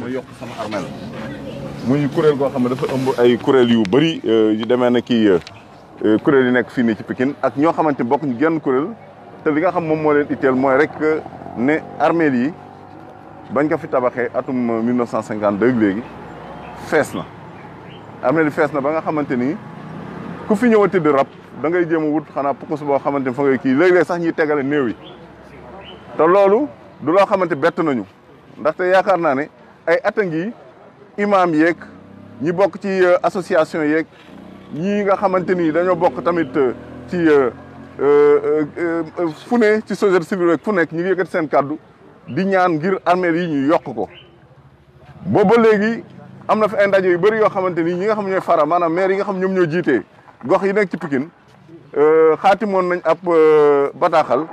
ma yokk sama armel muy kuréel goo xam ne dafa ëmb ay kuréel yu bëri euh, yu demee na kii euh, kuréel yi nekk fii nii ci pikin ak ñoo xamante bokk ñu genn kuréel te li nga xam moom moo leen itteel mooy rek ne armel yi bañ ko fi tabaxee atum 1952 léegi fees na armel yi fees na ba nga xamante ni ku fi ñëwati di rab da ngay jéem a wut xanaa pukus boo xamante ni fa ngay kii léeg sax ñuy tegale néew yi te loolu du loo xamante bett nañu ndaxte yaakaar naa ne ay at ngi imam yeeg ñi bokk ci euh, association yeeg ñii nga xamante ni dañoo bokk tamit euh, ci euh, fu ne ci société civile rek fu nekk ñu ngi yëkkati seen kàddu di ñaan ngir armeel yi ñu yokk ko booba léegi am na fi ay ndaje yu bëri yoo xamante ni ñi nga xam ñooy fara maanaam maire yi nga xam ñoom ñoo jiitee gox yi nekk ci Pikine xaati euh, xaatimoon nañ ab euh, bataaxal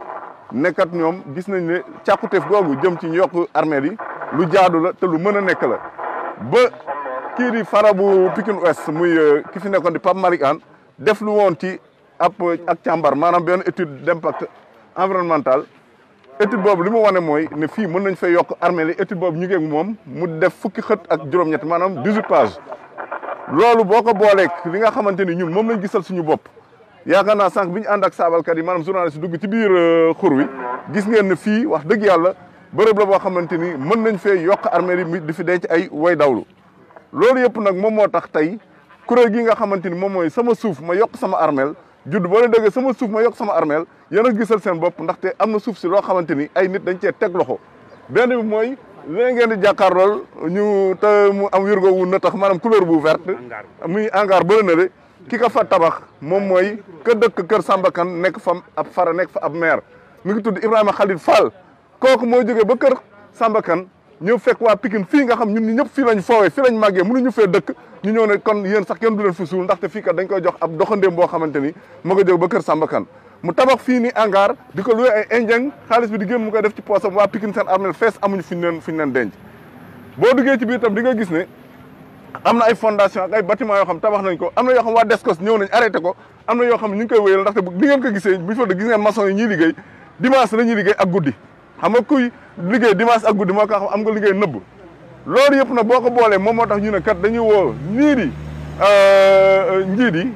nekkat ñoom gis nañ ne càkkuteef googu jëm ci yokk armée yi lu jaadu la te lu mën a nekk la ba kii di fara bu Pikine Ouest muy euh, ki fi nekkoon di Pape Malick Anne def lu woon ci ab ak càmbar maanaam benn étude d'impact environnemental étude boobu li mu wane mooy ne fii mën nañ fay yokk armée li étude boobu ñu ngeeg moom mu def fukki xët ak juróom-ñett maanaam 18 pages loolu boo ko booleek li nga xamante ni ñun moom lañ gisal suñu bopp yaakaar naa sànq bi ñu ànd ak saabalkat yi maanaam journaliste dugg ci biir euh, xur wi gis ngeen ne fii wax dëgg yàlla bërëb la boo xamante ni mën nañ fee yokk armée yi di fi denc ay way dawlu loolu yëpp nag moom moo tax tey kuréel gi nga xamante ni moom mooy sama suuf ma yokk sama armeel judd boo leen sama suuf ma yokk sama armeel yéen a gisal seen bopp ndaxte am na suuf si loo xamante ni ay nit dañ cee teg loxo benn bi mooy li ngeen di jàkkaarlool ñu te mu am yurgo wu na maanaam couleur bu verte muy hangar bële na ki ko fa tabax mom sambakan, ke dëkk keur sambakan nek nekk fa ab fara nekk fa ab maire mi ngi tudd Ibrahima khalid Fall koku mo joge ba keur sambakan ñu fekk wa Pikine fi nga xam ñun ñi ñëpp fii lañ foowee fii lañ mënu ñu fe dëkk ñu ñëw ne kon yeen sax kenn du leen fusul ndax te fi ka dañ koy jox ab doxandem bo xamanteni ni ko ba keur sambakan mu tabax fi ni angar di ko ay indien xaliss bi di gem mu koy def ci posam wa Pikine sen armel fess amuñu fuñ leen fuñ denj bo duggé ci biir tam di nga gis ne am na ay fondation ak ay bâtiment yoo xam tabax nañ ko am na yoo xam waa Descos ñëw nañ arrêté ko am na yoo xam ñu ngi koy wéyal ndaxte bu ngeen ko gisee bu ñu fa gis ngeen maçon yi ñuy liggéey dimanche la liggéey ak guddi xam nga kuy liggéey dimanche ak guddi moo ko xam am nga liggéey nëbb loolu yëpp nag boo ko boolee moom moo tax ñu ne kat dañuy woo nii di euh, njiit yi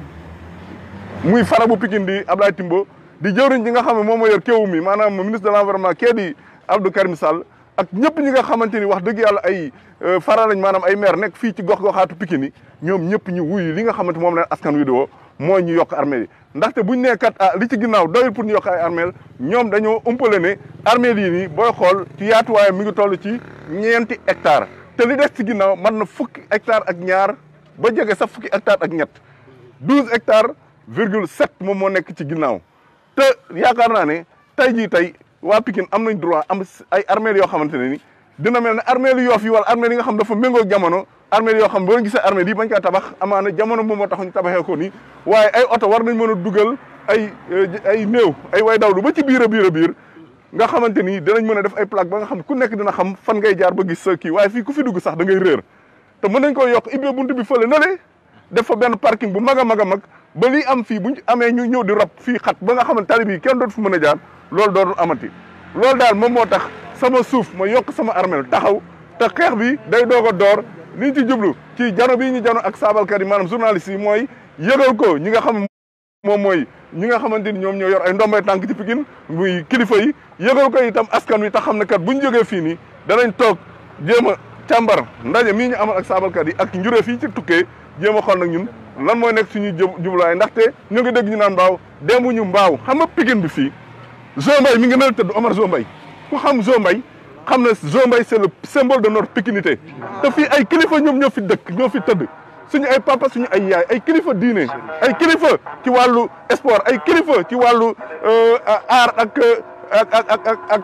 muy fara bu Pikine di Ablaye Timbo di jëwriñ ji nga xam ne moom moo yor kéewu mi maanaam ministre de l'environnement kee di Abdou Karim Sall ak ñëpp ñi nga xamante ni wax dëgg yàlla ay euh, faral lañ maanaam ay maire nekk fii ci gox-goxaatu Pikine yi ñoom ñëpp ñu wuyu li nga xamante moom leen askan wi doo mooy ñu yokk armée yi ndaxte buñ nee kat ah, li ci ginnaaw doyul pour ñu yokk ay armée ñoom dañoo umpale ne armée yi nii booy xool ci yaatuwaayam mi ngi toll ci ñeenti hectares te li des ci ginnaaw mën na fukki hectares ak ñaar ba jege sax fukki hectare ak ñett douze hectare virgule sept moom moo nekk ci ginnaaw yaakaar naa ne tey jii tey waa pikin am nañ droit am ay armeel yoo xamante ne ni dina mel ne armeel yu Yoff yi wala armeel yi nga xam dafa méngoo jamono armeel yoo xam boo gisee armeel yi bañ kaa tabax amaana jamono moom moo tax ñu tabaxee ko nii waaye ay war nañ mën a dugal ay eh, ay néew ay way dawlu ba ci biir biir biir nga xamante ni dinañ mën a def ay plaque ba nga xam ku nekk dina xam fan ngay jaar ba gis sa kii waaye fii ku fi dugg sax da ngay réer te mën nañ ko yokk ibbee buntu bi fële na le def fa benn parking bu mag a mag a mag ba li am fi buñ amé ñu ñëw di rob fi xat ba nga xamante tali bi kenn dootu fu jaar lool amati lool daal moom motax sama suf ma yok sama armel taxaw ta xex bi day dogo dor door ci jublu ci jano bi ñu jano ak sabal yi manam journaliste yi moy yëgal ko ñi nga xam moom moy ñi nga xamanteni ñom ñoom ñoo yor ay ndombay tank ci pikin muy kilifa yi yëgal ko itam askan wi ta xam kat buñ jógee fi ni danañ toog jéem a ndaje mi ñu amal ak sabal yi ak njuree fi ci jéem a xool nag ñun lan mooy nekk suñuy jubluwaay ndaxte ñoo ngi dégg ñu naan mbaaw ñu mbaaw xam nga Pikine bi fii Zombay mi ngi mel tëdd Omar Zombay ku xam Zombay xam na Zombay c'est le symbole de notre pikinité te fii ay kilifa ñoom ñoo fi dëkk ñoo fi tëdd suñu ay papa suñu ay yaay ay kilifa diine ay kilifa ci wàllu sport ay kilifa ci wàllu euh, art ak ak ak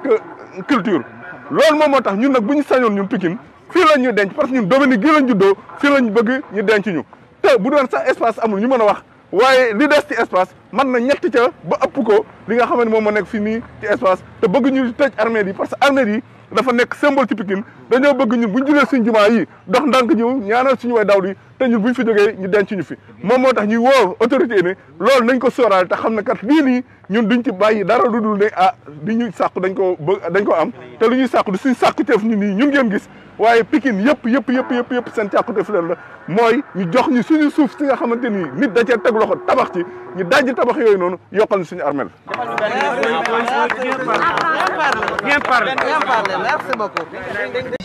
culture loolu moom moo tax ñun nag bu ñu sañoon ñun Pikine lañ ñu denc parce que ñun Dominique gii lañ bëgg ñu denc ñu te bu doon sax espace amul ñu mën a wax waaye li des ci espace man na ñett ca ba ëpp ko li nga xam ne moom moo nekk fii nii ci espace te bëgg ñu tëj armée yi parce que armée yi dafa nekk symbole ci Pikine dañoo bëgg ñun bu ñu julee suñu jumaa yi dox ndànk ñëw ñaanal suñu way daw di te ñun bu ñu fi ñu denc fi moom moo tax ñuy woo autorité yi loolu nañ ko sóoraale te xam ne kat lii nii ñun duñ ci bàyyi dara lu dul ne ah li ñuy sàkku dañ ko bëgg dañ ko am te lu ñuy sàkku du suñu sàkku teef ñu nii ñun ngeen gis waaye Pikine yëpp yëpp yëpp yëpp yëpp seen càkkuteef leen la mooy ñu jox ñu suñu suuf si nga xamante ni nit da cee teg loxo tabax ci ñu dajj tabax yooyu noonu yokkal na suñu armel. bien parlé bien parlé merci beaucoup.